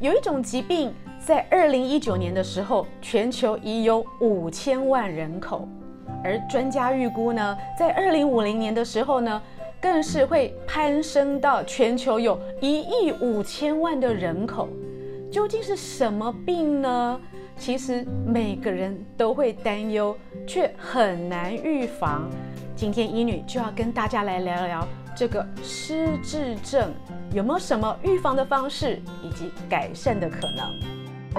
有一種疾病，在二零一九年的時候，全球已有五千萬人口，而專家預估呢，在二零五零年的時候呢，更是會攀升到全球有一億五千萬的人口。究竟是什麼病呢？其實每個人都會擔憂，卻很難預防。今天醫女就要跟大家來聊聊。這個失智症有沒有什麼預防的方式，以及改善的可能？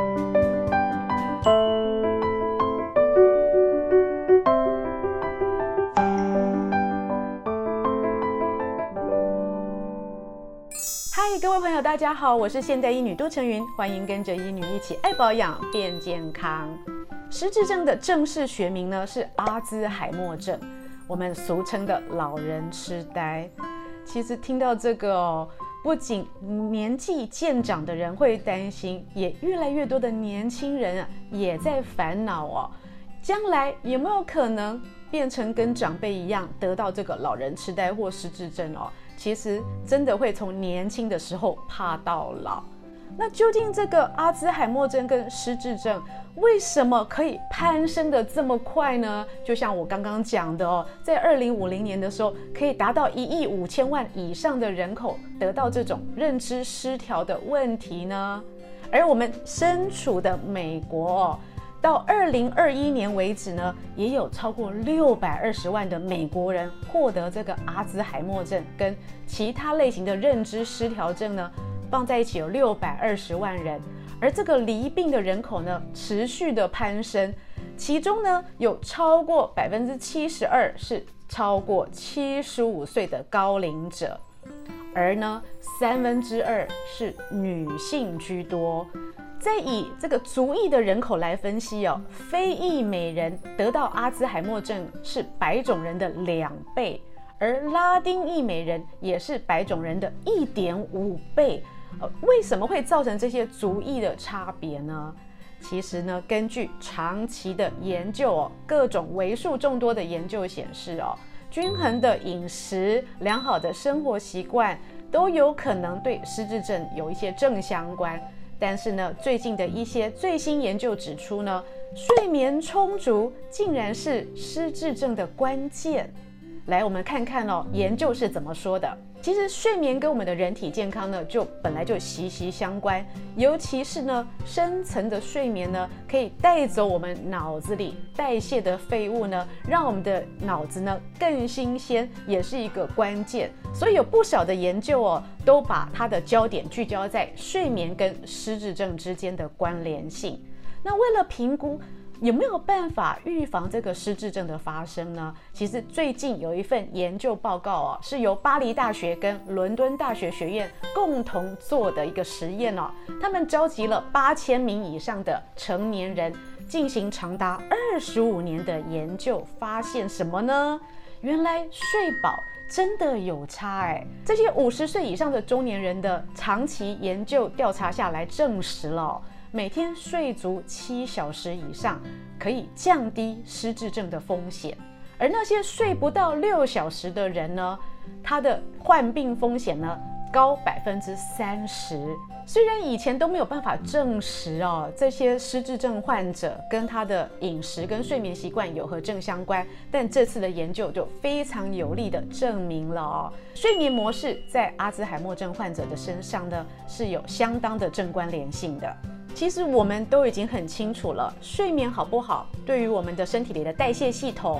嗨，各位朋友，大家好，我是現代醫女杜丞蕓，歡迎跟着醫女一起愛保養變健康。失智症的正式學名呢是阿茲海默症，我們俗稱的老人癡呆。其實聽到這個哦，不僅年紀漸長的人會擔心，也越來越多的年輕人啊，也在煩惱哦，將來有沒有可能變成跟長輩一樣，得到這個老人痴呆、或失智症哦？其實真的會從年輕的時候怕到老。那究竟這個阿茲海默症跟失智症為什麼可以攀升得這麼快呢？就像我剛剛講的哦，在二零五零年的時候，可以達到一億五千萬以上的人口得到這種認知失調的問題呢？而我們身處的美國哦，到二零二一年為止呢，也有超過六百二十萬的美國人獲得這個阿茲海默症跟其他類型的認知失調症呢。放在一起有六百二十萬人，而這個罹病的人口呢，持續的攀升，其中呢，有超過百分之七十二是超過七十五歲的高齡者，而呢，三分之二是女性居多。再以這個族裔的人口來分析哦，非裔美人得到阿茲海默症是白種人的兩倍，而拉丁裔美人也是白種人的一點五倍。呃，為什麼會造成這些族裔的差別呢？其實呢，根據長期的研究哦，各種為數眾多的研究顯示哦，均衡的飲食、良好的生活習慣都有可能對失智症有一些正相關。但是呢，最近的一些最新研究指出呢，睡眠充足竟然是失智症的關鍵。來，我們看看哦，研究是怎麼說的。其實睡眠跟我們的人體健康呢，就本來就息息相關，尤其是呢，深層的睡眠呢，可以帶走我們腦子裡代謝的廢物呢，讓我們的腦子呢更新鮮，也是一個關鍵。所以有不少的研究哦，都把它的焦點聚焦在睡眠跟失智症之間的關聯性。那為了評估，有沒有辦法預防這個失智症的發生呢？其實最近有一份研究報告啊，是由巴黎大學跟倫敦大學學院共同做的一個實驗哦。他們召集了八千名以上的成年人，進行長達二十五年的研究，發現什麼呢？原來睡飽真的有差哎！這些五十歲以上的中年人的長期研究調查下來，證實了。每天睡足七小時以上，可以降低失智症的風險。而那些睡不到六小時的人呢，他的患病風險呢高百分之三十。雖然以前都沒有辦法證實哦，這些失智症患者跟他的飲食跟睡眠習慣有何正相關，但這次的研究就非常有力地證明了哦，睡眠模式在阿茲海默症患者的身上呢是有相當的正關聯性的。其實我們都已經很清楚了，睡眠好不好，對於我們的身體裡的代謝系統、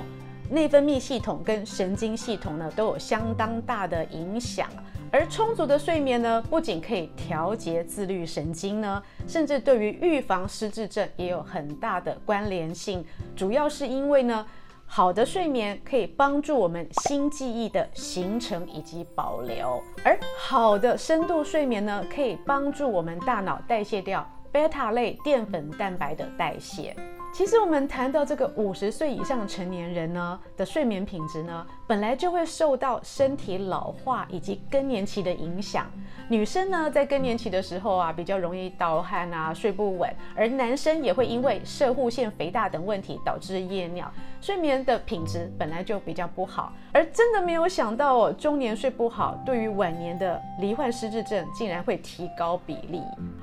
內分泌系統跟神經系統呢，都有相當大的影響。而充足的睡眠呢，不僅可以調節自律神經呢，甚至對於預防失智症也有很大的關聯性。主要是因為呢，好的睡眠可以幫助我們新記憶的形成以及保留，而好的深度睡眠呢，可以幫助我們大腦代謝掉。貝塔類澱粉蛋白的代謝。其實我們談到這個五十歲以上的成年人呢的睡眠品質呢，本來就會受到身體老化以及更年期的影響。女生呢，在更年期的時候啊，比較容易盜汗啊、睡不穩；而男生也會因為攝護腺肥大等問題導致夜尿、睡眠的品質本來就比較不好。而真的沒有想到哦，中年睡不好，對於晚年的罹患失智症竟然會提高比例。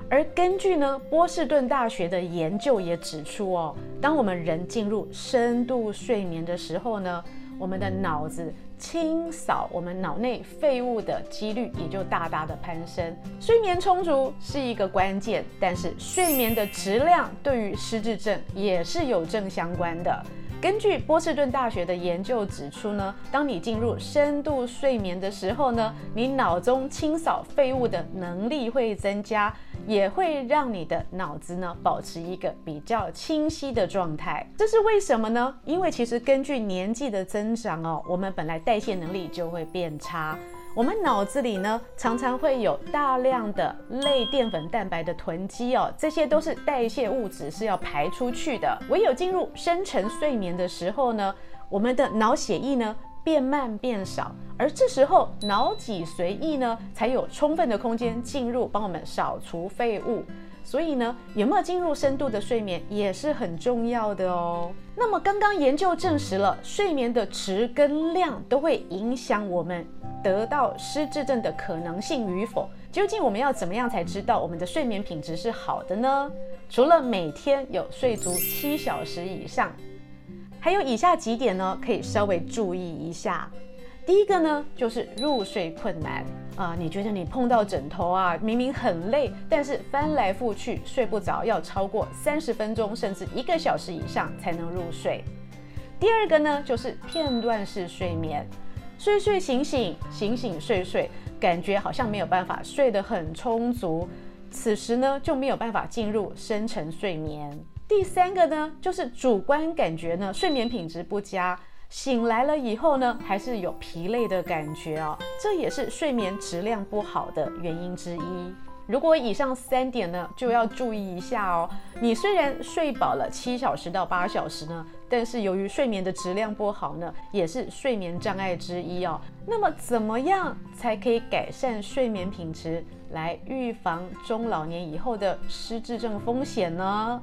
而根據呢，波士頓大學的研究也指出哦，當我們人進入深度睡眠的時候呢。我們的腦子清掃我們腦內廢物的幾率也就大大的攀升。睡眠充足是一個關鍵，但是睡眠的質量對於失智症也是有正相關的。根據波士頓大學的研究指出呢，當你進入深度睡眠的時候呢，你腦中清掃廢物的能力會增加。也會讓你的腦子呢保持一個比較清晰的狀態，這是為什麼呢？因為其實根據年紀的增長哦，我們本來代謝能力就會變差，我們腦子裡呢常常會有大量的類澱粉蛋白的囤積哦，這些都是代謝物質是要排出去的，唯有進入深層睡眠的時候呢，我們的腦血液呢。變慢變少，而這時候腦脊髓液呢，才有充分的空間進入幫我們掃除廢物。所以呢，有沒有進入深度的睡眠也是很重要的哦。那麼剛剛研究證實了，睡眠的質跟量都會影響我們得到失智症的可能性與否。究竟我們要怎麼樣才知道我們的睡眠品質是好的呢？除了每天有睡足七小時以上，還有以下幾點呢，可以稍微注意一下。第一個呢，就是入睡困難啊，你覺得你碰到枕頭啊，明明很累，但是翻來覆去睡不着，要超過三十分鐘甚至一個小時以上才能入睡。第二個呢，就是片段式睡眠，睡睡醒醒，醒醒睡睡，感覺好像沒有辦法睡得很充足，此時呢就沒有辦法進入深層睡眠。第三個呢，就是主觀感覺呢，睡眠品質不佳，醒來了以後呢，還是有疲累的感覺哦，這也是睡眠質量不好的原因之一。如果以上三點呢，就要注意一下哦。你雖然睡飽了七小時到八小時呢，但是由於睡眠的質量不好呢，也是睡眠障礙之一哦。那麼，怎麼樣才可以改善睡眠品質，來預防中老年以後的失智症風險呢？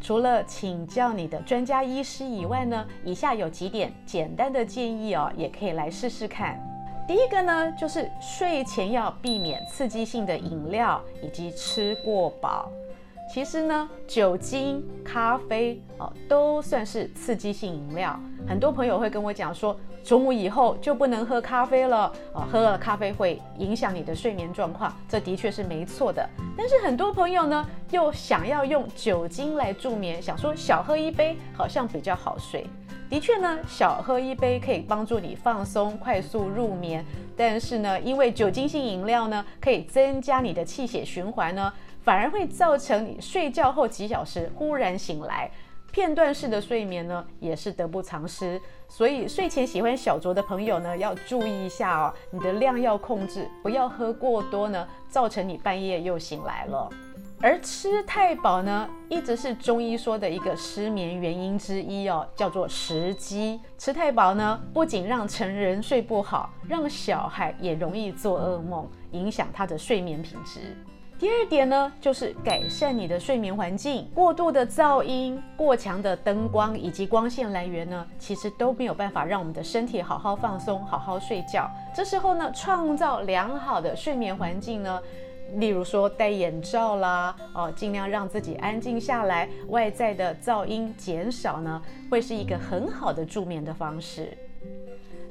除了請教你的專家醫師以外呢，以下有幾點簡單的建議哦，也可以來試試看。第一個呢，就是睡前要避免刺激性的飲料以及吃過飽。其實呢，酒精、咖啡哦，都算是刺激性飲料。很多朋友會跟我講說，中午以後就不能喝咖啡了，哦，喝了咖啡會影響你的睡眠狀況。這的確是沒錯的。但是很多朋友呢，又想要用酒精來助眠，想說小喝一杯好像比較好睡。的確呢，小喝一杯可以幫助你放鬆、快速入眠。但是呢，因為酒精性飲料呢，可以增加你的氣血循環呢。反而會造成你睡覺後幾小時忽然醒來，片段式的睡眠呢也是得不償失。所以睡前喜歡小酌的朋友呢要注意一下哦，你的量要控制，不要喝過多呢，造成你半夜又醒來了。而吃太飽呢，一直是中醫說的一個失眠原因之一哦，叫做食積。吃太飽呢，不僅讓成人睡不好，讓小孩也容易做噩夢，影響他的睡眠品質。第二點呢，就是改善你的睡眠環境。過度的噪音、過強的燈光以及光線來源呢，其實都沒有辦法讓我們的身體好好放鬆、好好睡覺。這時候呢，創造良好的睡眠環境呢，例如說戴眼罩啦，哦，盡量讓自己安靜下來，外在的噪音減少呢，會是一個很好的助眠的方式。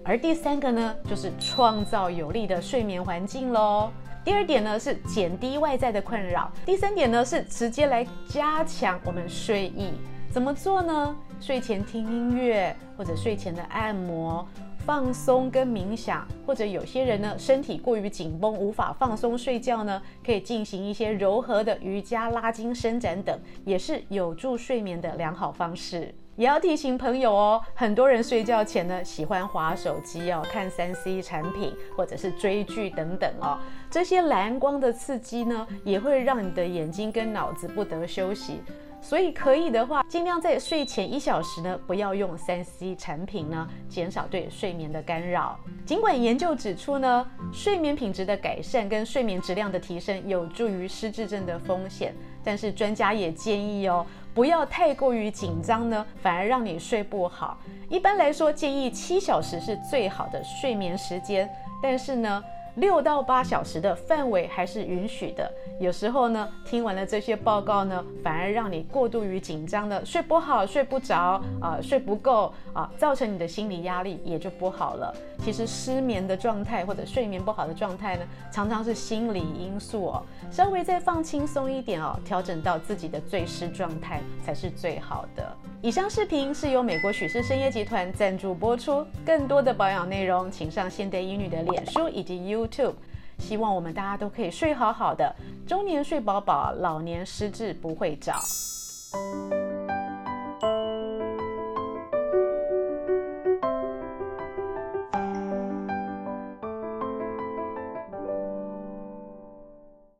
而第三個呢，就是創造有利的睡眠環境嘍。第二點呢是減低外在的困擾，第三點呢是直接來加強我們睡意。怎麼做呢？睡前聽音樂，或者睡前的按摩、放鬆跟冥想，或者有些人呢身體過於緊繃，無法放鬆睡覺呢，可以進行一些柔和的瑜伽、拉筋、伸展等，也是有助睡眠的良好方式。也要提醒朋友哦，很多人睡覺前呢，喜歡滑手機哦，看三 C 產品或者是追劇等等哦，這些藍光的刺激呢，也會讓你的眼睛跟腦子不得休息。所以可以的話，盡量在睡前一小時呢，不要用三 C 產品呢，減少對睡眠的干擾。儘管研究指出呢，睡眠品質的改善跟睡眠質量的提升有助於失智症的風險，但是專家也建議哦，不要太過於緊張呢，反而讓你睡不好。一般來說，建議七小時是最好的睡眠時間，但是呢。六到八小時的範圍還是允許的。有時候呢，聽完了這些報告呢，反而讓你過度於緊張的，睡不好、睡不着啊、呃，睡不夠啊、呃，造成你的心理壓力也就不好了。其實失眠的狀態或者睡眠不好的狀態呢，常常是心理因素哦。稍微再放輕鬆一點哦，調整到自己的最適狀態才是最好的。以上視頻是由美國許氏參業集團贊助播出。更多的保養內容，請上現代醫女的臉書以及 YouTube。希望我們大家都可以睡好好的，中年睡飽飽，老年失智不會找。